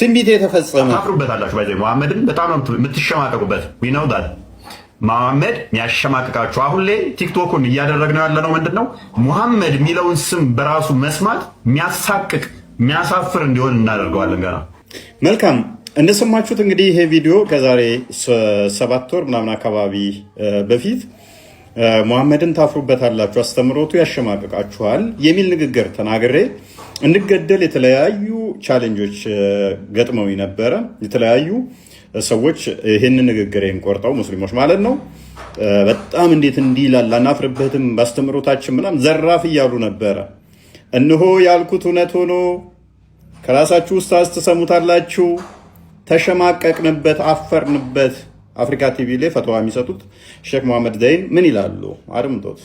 ትንቢት የተፈጸመ ታፍሩበታላችሁ። ባይዘ መሐመድን በጣም ነው የምትሸማቀቁበት። ዊነው ዳት መሐመድ የሚያሸማቅቃችሁ አሁን ላይ ቲክቶኩን እያደረግነው ያለነው ምንድን ነው? ሙሐመድ የሚለውን ስም በራሱ መስማት የሚያሳቅቅ የሚያሳፍር እንዲሆን እናደርገዋለን። ገና መልካም እንደሰማችሁት እንግዲህ ይሄ ቪዲዮ ከዛሬ ሰባት ወር ምናምን አካባቢ በፊት ሙሐመድን ታፍሩበታላችሁ፣ አስተምሮቱ ያሸማቅቃችኋል የሚል ንግግር ተናግሬ እንድገደል የተለያዩ ቻሌንጆች ገጥመው ነበረ። የተለያዩ ሰዎች ይህንን ንግግር ቆርጠው ሙስሊሞች ማለት ነው በጣም እንዴት እንዲህ ይላል አናፍርበትም፣ ባስተምሮታችን ምናምን ዘራፍ እያሉ ነበረ። እነሆ ያልኩት እውነት ሆኖ ከራሳችሁ ውስጥ አስተሰሙታላችሁ። ተሸማቀቅንበት፣ አፈርንበት። አፍሪካ ቲቪ ላይ ፈተዋ የሚሰጡት ሼክ መሐመድ ዘይን ምን ይላሉ? አድምጦት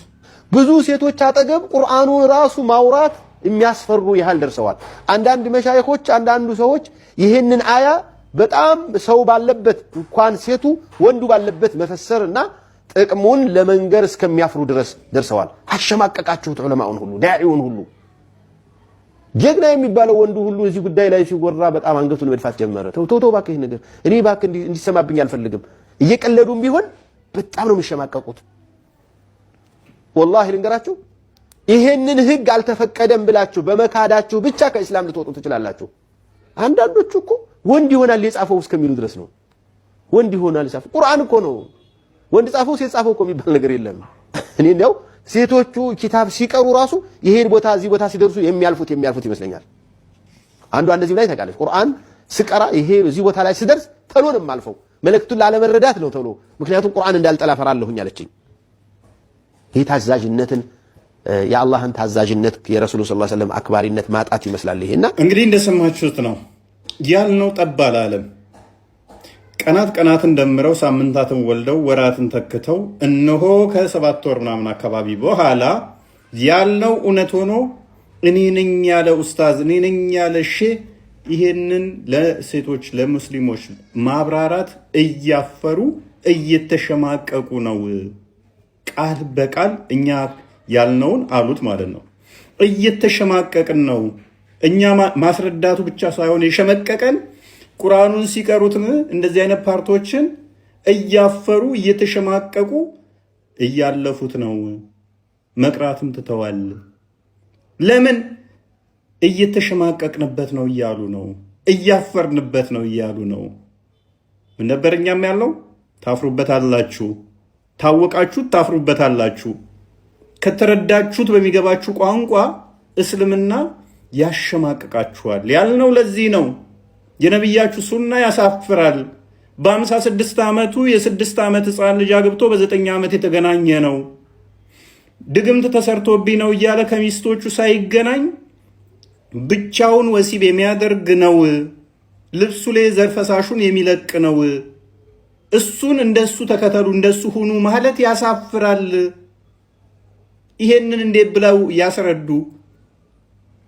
ብዙ ሴቶች አጠገብ ቁርአኑን ራሱ ማውራት የሚያስፈሩ ያህል ደርሰዋል። አንዳንድ መሻይኾች፣ አንዳንዱ ሰዎች ይህንን አያ በጣም ሰው ባለበት እንኳን ሴቱ ወንዱ ባለበት መፈሰር እና ጥቅሙን ለመንገር እስከሚያፍሩ ድረስ ደርሰዋል። አሸማቀቃችሁት ዑለማውን ሁሉ ዳዒውን ሁሉ ጀግና የሚባለው ወንዱ ሁሉ እዚህ ጉዳይ ላይ ሲወራ በጣም አንገቱን መድፋት ጀመረ። ተው ተው ተው እባክህ ይህ ነገር እኔ እባክህ እንዲሰማብኝ አልፈልግም። እየቀለዱም ቢሆን በጣም ነው የሚሸማቀቁት። ወላሂ ልንገራችሁ ይሄንን ህግ አልተፈቀደም ብላችሁ በመካዳችሁ ብቻ ከእስላም ልትወጡ ትችላላችሁ። አንዳንዶቹ እኮ ወንድ ይሆናል የጻፈው እስከሚሉ ድረስ ነው። ወንድ ይሆናል የጻፈው ቁርአን እኮ ነው። ወንድ ጻፈው ሴት ጻፈው እኮ የሚባል ነገር የለም። እኔ እንዲያው ሴቶቹ ኪታብ ሲቀሩ ራሱ ይሄን ቦታ እዚህ ቦታ ሲደርሱ የሚያልፉት የሚያልፉት ይመስለኛል። አንዷ እንደዚህ ላይ ታውቃለች። ቁርአን ስቀራ ይሄ እዚህ ቦታ ላይ ስደርስ ተሎ ነው የማልፈው፣ መልእክቱን ላለመረዳት ነው ተሎ። ምክንያቱም ቁርአን እንዳልጠላፈራለሁኝ አለችኝ። ይህ ታዛዥነትን የአላህን ታዛዥነት የረሱሉ ስ ለም አክባሪነት ማጣት ይመስላል። ይሄና እንግዲህ እንደሰማችሁት ነው ያልነው። ጠብ አላለም። ቀናት ቀናትን ደምረው ሳምንታትን ወልደው ወራትን ተክተው እነሆ ከሰባት ወር ምናምን አካባቢ በኋላ ያልነው እውነት ሆኖ እኔ ነኝ ያለ ኡስታዝ፣ እኔ ነኝ ያለ ሼህ ይሄንን ለሴቶች ለሙስሊሞች ማብራራት እያፈሩ እየተሸማቀቁ ነው ቃል በቃል እኛ ያልነውን አሉት ማለት ነው። እየተሸማቀቅን ነው እኛ ማስረዳቱ ብቻ ሳይሆን የሸመቀቀን ቁርአኑን ሲቀሩትም እንደዚህ አይነት ፓርቶችን እያፈሩ እየተሸማቀቁ እያለፉት ነው። መቅራትም ትተዋል። ለምን እየተሸማቀቅንበት ነው እያሉ ነው። እያፈርንበት ነው እያሉ ነው። ምን ነበር እኛም ያለው? ታፍሩበታላችሁ፣ ታወቃችሁ፣ ታፍሩበታላችሁ። ከተረዳችሁት በሚገባችሁ ቋንቋ እስልምና ያሸማቅቃችኋል ያልነው ለዚህ ነው። የነቢያችሁ ሱና ያሳፍራል። በአምሳ ስድስት ዓመቱ የስድስት ዓመት ህፃን ልጅ አግብቶ በዘጠኝ ዓመት የተገናኘ ነው። ድግምት ተሰርቶብኝ ነው እያለ ከሚስቶቹ ሳይገናኝ ብቻውን ወሲብ የሚያደርግ ነው። ልብሱ ላይ ዘር ፈሳሹን የሚለቅ ነው። እሱን እንደሱ ተከተሉ እንደሱ ሁኑ ማለት ያሳፍራል። ይሄንን እንዴት ብለው ያስረዱ?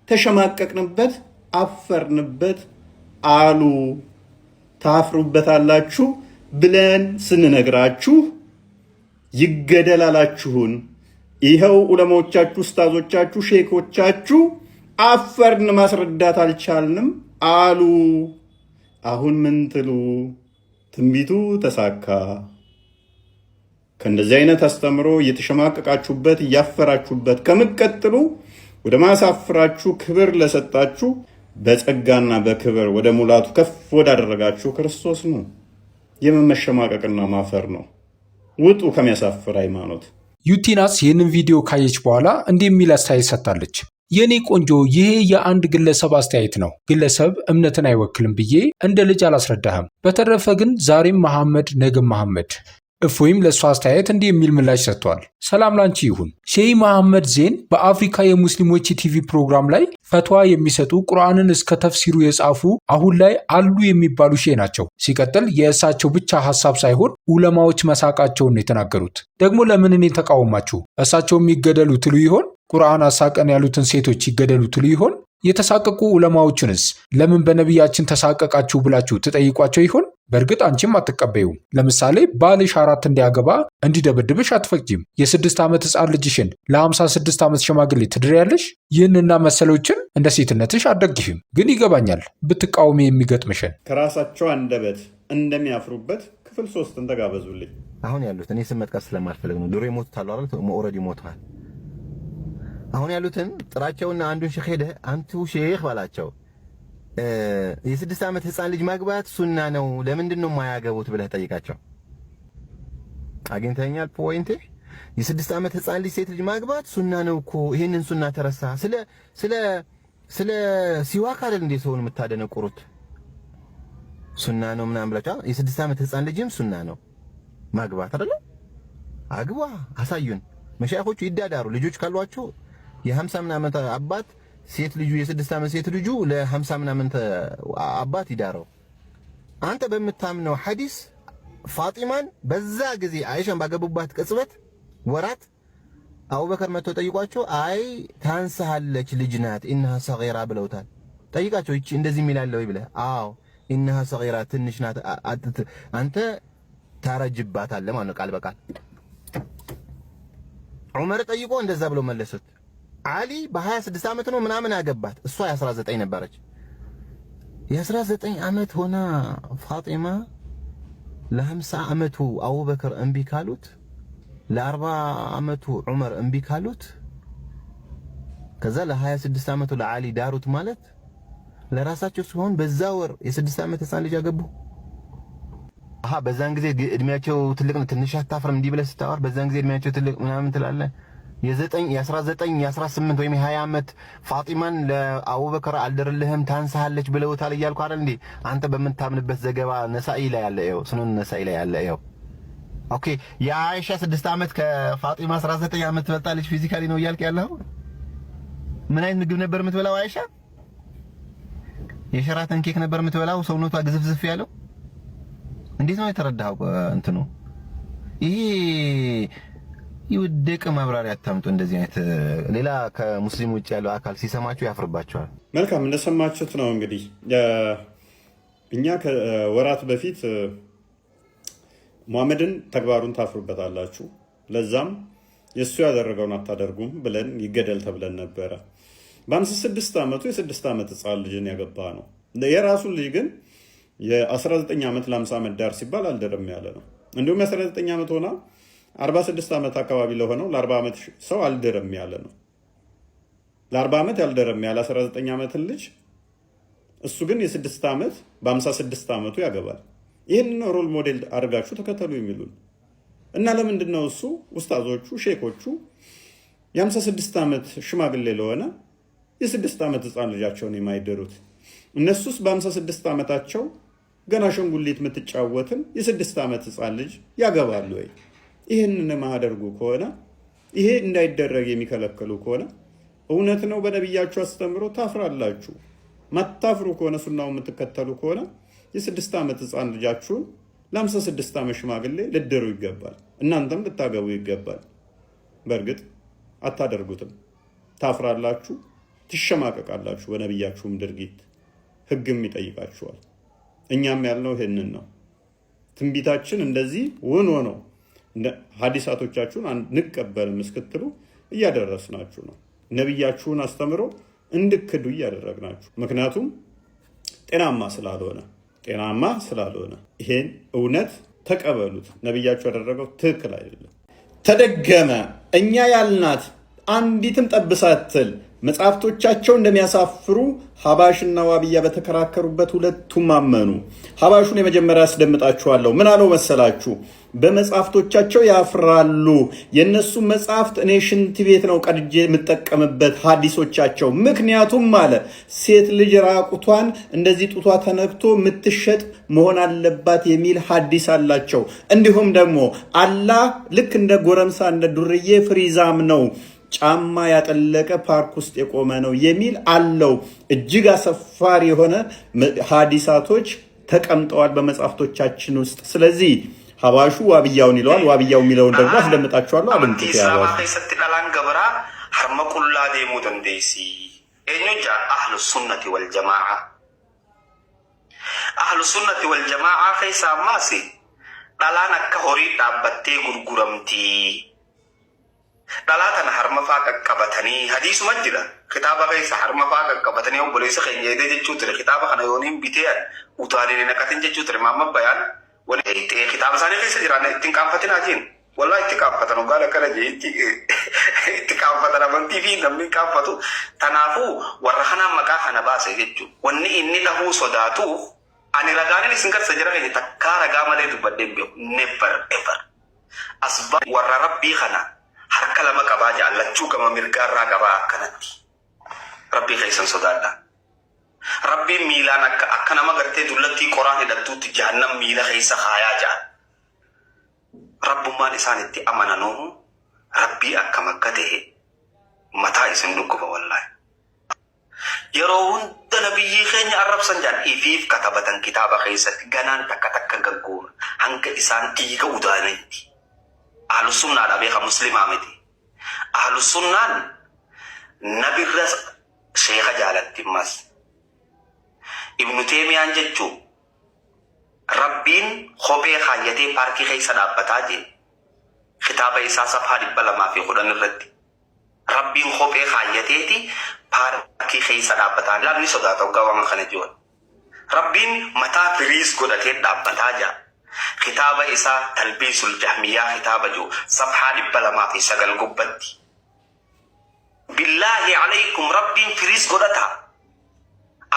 ተሸማቀቅንበት፣ አፈርንበት አሉ። ታፍሩበታላችሁ ብለን ስንነግራችሁ ይገደላላችሁን። ይኸው ዑለሞቻችሁ፣ ስታዞቻችሁ ሼኮቻችሁ አፈርን ማስረዳት አልቻልንም አሉ። አሁን ምን ትሉ? ትንቢቱ ተሳካ። ከእንደዚህ አይነት አስተምሮ እየተሸማቀቃችሁበት እያፈራችሁበት ከምቀጥሉ ወደ ማሳፍራችሁ ክብር ለሰጣችሁ በጸጋና በክብር ወደ ሙላቱ ከፍ ወዳደረጋችሁ ክርስቶስ ነው። የመመሸማቀቅና ማፈር ነው። ውጡ ከሚያሳፍር ሃይማኖት። ዩቲናስ ይህንን ቪዲዮ ካየች በኋላ እንዲህ የሚል አስተያየት ሰጥታለች። የኔ ቆንጆ ይሄ የአንድ ግለሰብ አስተያየት ነው። ግለሰብ እምነትን አይወክልም ብዬ እንደ ልጅ አላስረዳህም። በተረፈ ግን ዛሬም መሐመድ ነገም መሐመድ እፎይም ለእሷ አስተያየት እንዲህ የሚል ምላሽ ሰጥቷል። ሰላም ላንቺ ይሁን። ሼህ መሐመድ ዜን በአፍሪካ የሙስሊሞች የቲቪ ፕሮግራም ላይ ፈትዋ የሚሰጡ ቁርአንን እስከ ተፍሲሩ የጻፉ አሁን ላይ አሉ የሚባሉ ሼህ ናቸው። ሲቀጥል የእሳቸው ብቻ ሀሳብ ሳይሆን ዑለማዎች መሳቃቸውን የተናገሩት ደግሞ ለምን እኔ ተቃወማችሁ? እሳቸው የሚገደሉ ትሉ ይሆን? ቁርአን አሳቀን ያሉትን ሴቶች ይገደሉ ትሉ ይሆን? የተሳቀቁ ዑለማዎቹንስ ለምን በነቢያችን ተሳቀቃችሁ ብላችሁ ትጠይቋቸው ይሆን? በእርግጥ አንቺም አትቀበዩም። ለምሳሌ ባልሽ አራት እንዲያገባ እንዲደበድብሽ አትፈቅጂም። የስድስት ዓመት ህፃን ልጅሽን ለአምሳ ስድስት ዓመት ሽማግሌ ትድሪያለሽ። ይህንና መሰሎችን እንደ ሴትነትሽ አደግሽም። ግን ይገባኛል ብትቃወሚ የሚገጥምሽን። ከራሳቸው አንደበት እንደሚያፍሩበት ክፍል ሶስትን ተጋበዙልኝ። አሁን ያሉት እኔ ስም መጥቀስ ስለማልፈልግ ነው። ድሮ ይሞቱታል አይደል? ኦልሬዲ ሞተዋል። አሁን ያሉትን ጥራቸውና አንዱን ሼክ ሄደህ አንቱ ሼክ ባላቸው የስድስት ዓመት ህፃን ልጅ ማግባት ሱና ነው፣ ለምንድን ነው የማያገቡት ብለህ ጠይቃቸው። አግኝተኛል ፖይንቴ። የስድስት ዓመት ህፃን ልጅ ሴት ልጅ ማግባት ሱና ነው እኮ ይህንን ሱና ተረሳ። ስለ ስለ ስለ ሲዋክ አይደል እንዴ ሰውን የምታደነቁሩት? ሱና ነው ምናምን ብላችሁ የስድስት ዓመት ህፃን ልጅም ሱና ነው ማግባት አይደለ? አግባ፣ አሳዩን። መሻይኮቹ ይዳዳሩ ልጆች ካሏቸው የሀምሳ ምናምን አባት ሴት ልጁ የስድስት ዓመት ሴት ልጁ ለሀምሳ ምናምን አባት ይዳረው። አንተ በምታምነው ሐዲስ ፋጢማን በዛ ጊዜ አይሻን ባገቡባት ቅጽበት ወራት አቡበከር መጥቶ ጠይቋቸው፣ አይ ታንሳለች ልጅ ናት ኢነሃ ሰጊራ ብለውታል። ጠይቃቸው እቺ እንደዚህ የሚላለው ይብለህ፣ አዎ ኢነሃ ሰጊራ ትንሽ ናት፣ አንተ ታረጅባታለህ ማለት ነው ቃል በቃል ዑመር ጠይቆ እንደዛ ብሎ መለሰት። አሊ በ26 ዓመት ነው ምናምን ያገባት እሷ የ19 ነበረች። የ19 ዓመት ሆና ፋጢማ ለ50 ዓመቱ አቡበክር እምቢ ካሉት፣ ለ40 ዓመቱ ዑመር እምቢ ካሉት፣ ከዛ ለ26 ዓመቱ ለአሊ ዳሩት ማለት ለራሳቸው ሲሆን በዛ ወር የስድስት ዓመት ህፃን ልጅ አገቡ። አሃ በዛን ጊዜ እድሜያቸው ትልቅ ነው። ትንሽ አታፍርም? እንዲህ ብለህ ስታወር በዛን ጊዜ እድሜያቸው ትልቅ ምናምን ትላለህ። የ9 የ19 የ18 ወይም የ20 ዓመት ፋጢማን ለአቡበከር አልደርልህም ታንሳለች ብለውታል እያልኩ አይደል እንዴ? አንተ በምታምንበት ዘገባ ነሳኢ ላይ ያለ ይኸው፣ ስኑን ነሳኢ ላይ ያለ ይኸው። ኦኬ የአይሻ 6 ዓመት ከፋጢማ 19 ዓመት ትበልጣለች ፊዚካሊ ነው እያልክ ያለው። ምን አይነት ምግብ ነበር የምትበላው አይሻ? የሸራተን ኬክ ነበር የምትበላው ሰውነቷ ግዝፍዝፍ ያለው። እንዴት ነው የተረዳኸው? እንትኑ ይሄ ይውደቅ ማብራሪያ አታምጡ። እንደዚህ አይነት ሌላ ከሙስሊም ውጭ ያለው አካል ሲሰማችሁ ያፍርባቸዋል። መልካም እንደሰማችሁት ነው። እንግዲህ እኛ ከወራት በፊት ሙሐመድን ተግባሩን ታፍሩበታላችሁ፣ ለዛም የእሱ ያደረገውን አታደርጉም ብለን ይገደል ተብለን ነበረ። በአምስት ስድስት ዓመቱ የስድስት ዓመት ህፃን ልጅን ያገባ ነው። የራሱን ልጅ ግን የ19 ዓመት ለ50 ዓመት ዳር ሲባል አልደረም ያለ ነው። እንዲሁም የ19 ዓመት ሆና 46 ዓመት አካባቢ ለሆነው ለ40 ዓመት ሰው አልደረም ያለ ነው። ለ40 ዓመት ያልደረም ያለ 19 ዓመትን ልጅ እሱ ግን የ6 ዓመት በ56 ዓመቱ ያገባል። ይህንን ሮል ሞዴል አድርጋችሁ ተከተሉ የሚሉን እና ለምንድን ነው እሱ ውስጣዞቹ ሼኮቹ የ56 ዓመት ሽማግሌ ለሆነ የስድስት ዓመት ህፃን ልጃቸውን የማይደሩት? እነሱስ በ56 ዓመታቸው ገና ሸንጉሊት የምትጫወትን የስድስት ዓመት ህፃን ልጅ ያገባሉ ወይ? ይህንን የማያደርጉ ከሆነ ይሄ እንዳይደረግ የሚከለከሉ ከሆነ እውነት ነው በነቢያችሁ አስተምሮ ታፍራላችሁ። መታፍሩ ከሆነ ሱናው የምትከተሉ ከሆነ የስድስት ዓመት ህፃን ልጃችሁን ለአምሳ ስድስት ዓመት ሽማግሌ ልደሩ ይገባል። እናንተም ልታገቡ ይገባል። በእርግጥ አታደርጉትም። ታፍራላችሁ፣ ትሸማቀቃላችሁ። በነቢያችሁም ድርጊት ህግም ይጠይቃችኋል። እኛም ያልነው ይህንን ነው። ትንቢታችን እንደዚህ ውኖ ነው። ሀዲሳቶቻችሁን እንቀበልም እስክትሉ እያደረስናችሁ ነው። ነቢያችሁን አስተምሮ እንድክዱ እያደረግናችሁ፣ ምክንያቱም ጤናማ ስላልሆነ ጤናማ ስላልሆነ ይሄን እውነት ተቀበሉት። ነቢያችሁ ያደረገው ትክክል አይደለም። ተደገመ እኛ ያልናት አንዲትም ጠብሳትል መጽሐፍቶቻቸው እንደሚያሳፍሩ ሀባሽና ዋብያ በተከራከሩበት ሁለቱም አመኑ። ሀባሹን የመጀመሪያ ያስደምጣችኋለሁ። ምን አለው መሰላችሁ? በመጽሐፍቶቻቸው ያፍራሉ። የእነሱ መጽሐፍት እኔ ሽንት ቤት ነው ቀድጄ የምጠቀምበት ሀዲሶቻቸው ምክንያቱም አለ ሴት ልጅ ራቁቷን እንደዚህ ጡቷ ተነክቶ የምትሸጥ መሆን አለባት የሚል ሀዲስ አላቸው። እንዲሁም ደግሞ አላህ ልክ እንደ ጎረምሳ እንደ ዱርዬ ፍሪዛም ነው ጫማ ያጠለቀ ፓርክ ውስጥ የቆመ ነው የሚል አለው። እጅግ አሰፋሪ የሆነ ሀዲሳቶች ተቀምጠዋል በመጽሐፍቶቻችን ውስጥ ስለዚህ ሀባሹ ዋብያውን ይለዋል። ዋብያው የሚለውን ደግሞ አስደምጣችኋለሁ። አብንጡት ያዋል ሀርመቁላ ዴሙ ደንዴሲ ኤኞጃ አህሉ ሱነት ወልጀማዓ አህሉ ሱነት ወልጀማዓ ከይሳ ማሲ dhalaan akka horii dhaabbattee gurguramti. Dhalaa tana harma faa qaqqabatanii hadiisuma jira kitaaba keessa harma faa qaqqabatanii obboleessa keenya jedhee jechuu ture kitaaba kana yooniin bitee utaaleen hin akkatin jechuu ture maamma bayaan ittiin qaanfatinaa jiin wallaa itti qaanfatan hoggaan akkana jee itti qaanfatan amantii fi namni qaanfatu tanaafuu warra kanaan maqaa kana baase jechuu wanni inni tahuu sodaatuuf ani ragaanin isin garsa jiran eenye takkaa ragaa malee dubbadheen beeku never ever asbaa warra rabbii kana harka lama qabaa jaallachuu gama mirgaa irraa qabaa akkanatti rabbii keessan sodaadhaa Rabbiin miilaan akka akka nama gartee dullattii qoraan hidhattuutti jaannan miila keessa kaayaa jaan. Rabbummaan isaan itti amananuuhu rabbii akkam akka ta'e mataa isin dhukkuba wallaahi. Yeroo hunda kita keenya arrabsan jaan ifiif katabatan kitaaba keessatti ganaan takka takka gaggoona hanga isaan dhiiga udaanitti. Ahlussunnaadha beeka muslimaa miti. nabi nabirra sheeka jaalatti mas. Ibnu Teemiyaan jechuun rabbiin kophee kaayatee paarkii keessa dhaabbataa jedhe kitaaba isaa safaa dhibba lamaa fi kudhan irratti rabbiin kophee kaayateeti paarkii keessa dhaabbataa laabni sodaata waggaa waan kana jiran rabbiin mataa firiis godhatee dhaabbataa jira kitaaba isaa talbiisul jahmiyyaa kitaaba jiru safhaa dhibba lamaa fi sagal gubbatti billaahi alaykum rabbiin firiis godhataa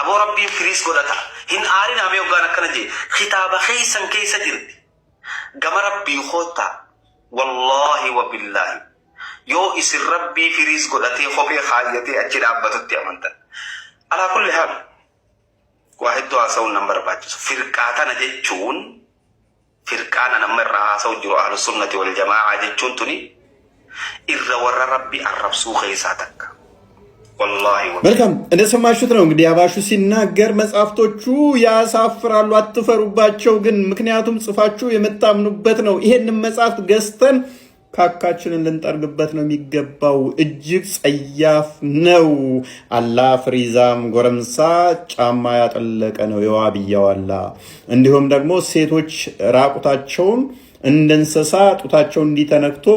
aboo rabbiin firiis godhata hin aarin amee waggaan akkana jee kitaaba keeysan keessa jirti gama rabbii koota wallaahi wa billaahi yoo isin rabbii firiis godhatee kophee kaayyatee achi dhaabbatutti amantan alaa kulli haal waa hedduu haasa'uun nan barbaachisu firqaa tana jechuun firqaa na nama irraa haasa'u jiru ahlu sunnati wal jamaa'aa jechuun tuni irra warra rabbi arrabsuu keessaa takka መልካም እንደሰማችሁት ነው እንግዲህ አባሹ ሲናገር መጽሐፍቶቹ ያሳፍራሉ፣ አትፈሩባቸው ግን ምክንያቱም ጽፋችሁ የምታምኑበት ነው። ይሄንን መጽሐፍት ገዝተን ካካችንን ልንጠርግበት ነው የሚገባው። እጅግ ጸያፍ ነው። አላ ፍሪዛም ጎረምሳ ጫማ ያጠለቀ ነው የዋብያው እንዲሁም ደግሞ ሴቶች ራቁታቸውን እንደ እንስሳ ጡታቸው እንዲተነክቶ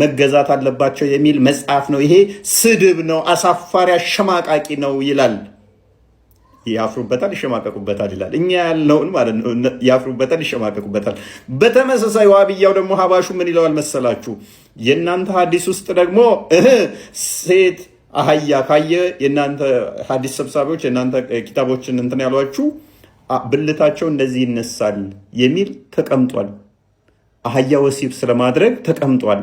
መገዛት አለባቸው የሚል መጽሐፍ ነው። ይሄ ስድብ ነው፣ አሳፋሪ አሸማቃቂ ነው ይላል። ያፍሩበታል፣ ይሸማቀቁበታል ይላል። እኛ ያልነውን ማለት ነው። ያፍሩበታል፣ ይሸማቀቁበታል። በተመሳሳይ ዋብያው ደግሞ ሀባሹ ምን ይለዋል መሰላችሁ? የእናንተ ሀዲስ ውስጥ ደግሞ ሴት አህያ ካየ የእናንተ ሀዲስ ሰብሳቢዎች የእናንተ ኪታቦችን እንትን ያሏችሁ ብልታቸው እንደዚህ ይነሳል የሚል ተቀምጧል። አህያ ወሲብ ስለማድረግ ተቀምጧል።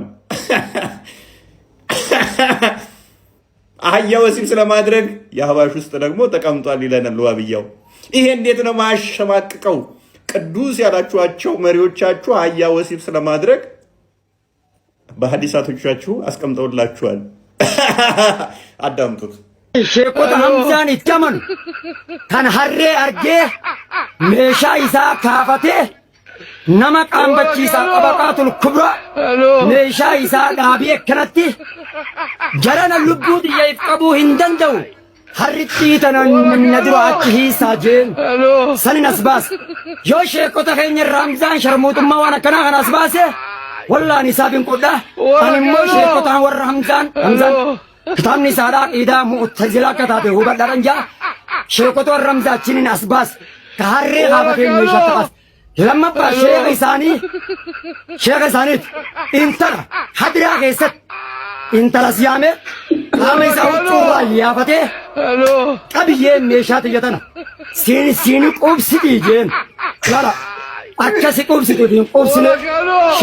አህያ ወሲብ ስለማድረግ የአህባሽ ውስጥ ደግሞ ተቀምጧል ይለናል ዋብያው። ይሄ እንዴት ነው ማሸማቅቀው? ቅዱስ ያላችኋቸው መሪዎቻችሁ አህያ ወሲብ ስለማድረግ በሀዲሳቶቻችሁ አስቀምጠውላችኋል። አዳምጡት። ሼኮት ሀምዛን ይጨመኑ ከን ሀሬ አርጌ ሜሻ ይሳ ካፈቴ nama qaambachiisaa qabaqaa tulu kubra meeshaa isaa dhaabee akkanatti jarana lubbuu xiyyeef qabuu hin danda'u harrittii tanan na dura achi hiisaa jeen sanin as baasa yoo sheekota keenya raamzaan sharmuutummaa waan akkanaa kana as baase wallaan isaaf hin qudha ani immoo sheekotaan warra hamzaan hamzaan kitaabni isaadhaa qiidaa mu'tazilaa akka taate hubadhaadhan jaa sheekotoon ramzaachinin as baas ka harree haaba keenya meeshaa ta'as Lama sheeka isaanii sheeka isaaniiti intala hadiraa keessatti intalas yaame qaama isaa huccuurraa yaafatee qabiyyee meeshaa tiyyatana siini siini qubsitii jeen lala akkasi qubsituu hin qubsine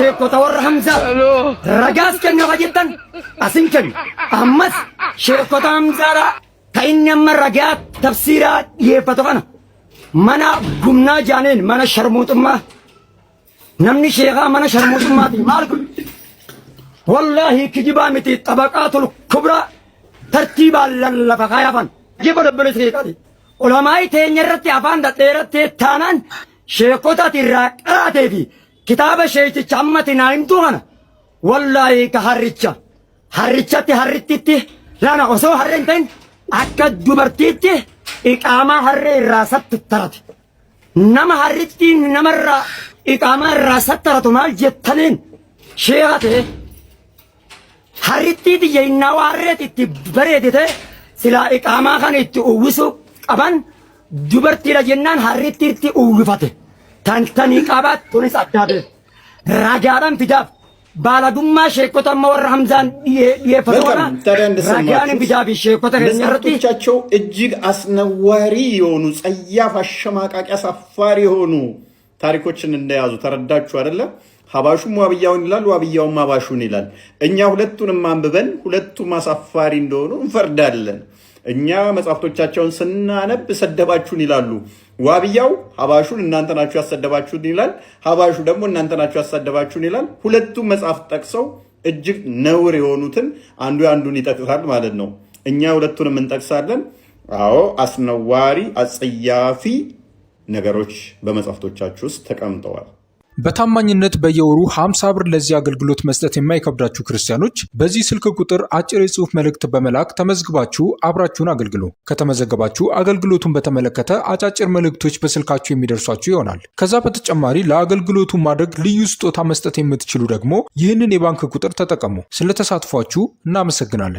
sheekota warra Hamzaa ragaas kennafa jettan asin kennu ammas sheekota Hamzaadhaa ta'inni amma ragaa tabsiiraa dhiyeeffatu kana. mana gumna janin mana sharmuuxummaa namni sheekaa mana sharmuuxummaati maal kun wallahi kijiba miti xabaqaatul kubraa tartiibaan lallafa kaayafan jiba dabbala isriiqaati ulamaa'i teenya irratti afaan dhadheerattee taanaan sheekota ati irraa qaraatee fi kitaaba sheechicha ammati naa himtuu kana wallaahi ka harricha harrichatti harrittitti lana oso harreen ta'in akka dubartiitti ኢቃማ ሀሬ ራሰት ተረት ነመ ሀሪቲ ነመራ ኢቃማ ራሰት ተረቱ ማል ጀተኔን ሼያቴ ሀሪቲ ድየይና ዋሬት እቲ በሬድቴ ስላ ኢቃማ ከን እቲ እውሱ ቀበን ዱበርቲለ ጀናን ሀሪቲ እቲ እውፈቴ ተንተን ኢቃባት ቱንስ አዳቤ ራጃዳን ፊዳብ ባላዱማ ሸኮታ ማወር ሐምዛን የፈተና ራዲያን ቢዳቢ ሸኮተር ያስቀርጥቻቸው እጅግ አስነዋሪ የሆኑ ጸያፍ፣ አሸማቃቂ፣ አሳፋሪ የሆኑ ታሪኮችን እንደያዙ ተረዳችሁ አይደለም? ሀባሹም ዋብያውን ይላል፣ ዋብያውም ሀባሹን ይላል። እኛ ሁለቱንም አንብበን ሁለቱም አሳፋሪ እንደሆኑ እንፈርዳለን። እኛ መጽሐፍቶቻቸውን ስናነብ ሰደባችሁን ይላሉ ዋብያው ሀባሹን እናንተ ናችሁ ያሰደባችሁን ይላል፣ ሀባሹ ደግሞ እናንተ ናችሁ ያሰደባችሁን ይላል። ሁለቱ መጽሐፍ ጠቅሰው እጅግ ነውር የሆኑትን አንዱ አንዱን ይጠቅሳል ማለት ነው። እኛ ሁለቱንም እንጠቅሳለን። አዎ አስነዋሪ አጸያፊ ነገሮች በመጽሐፍቶቻችሁ ውስጥ ተቀምጠዋል። በታማኝነት በየወሩ 50 ብር ለዚህ አገልግሎት መስጠት የማይከብዳችሁ ክርስቲያኖች በዚህ ስልክ ቁጥር አጭር የጽሑፍ መልእክት በመላክ ተመዝግባችሁ አብራችሁን አገልግሉ። ከተመዘገባችሁ አገልግሎቱን በተመለከተ አጫጭር መልእክቶች በስልካችሁ የሚደርሷችሁ ይሆናል። ከዛ በተጨማሪ ለአገልግሎቱ ማድረግ ልዩ ስጦታ መስጠት የምትችሉ ደግሞ ይህንን የባንክ ቁጥር ተጠቀሙ። ስለተሳትፏችሁ እናመሰግናለን።